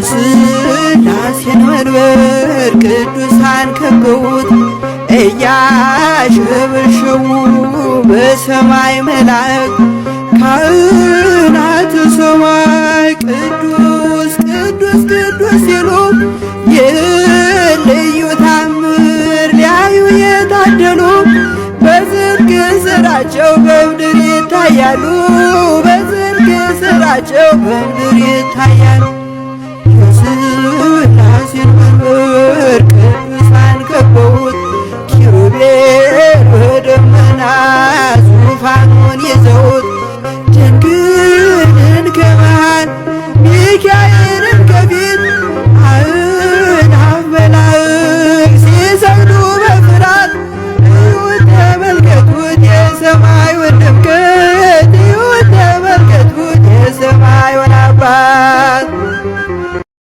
የሥላሴን መንበር ቅዱሳን ከበውት እያሸበሸቡ በሰማይ መላእክ ካህናተ ሰማይ ቅዱስ ቅዱስ ቅዱስ ሲሉ የልዩ ታምር ሊያዩ የታደሉ በዝርግ ስራቸው በምድር ይታያሉ በዝርግ ስራቸው በምድር ይታያሉ። ለውጥ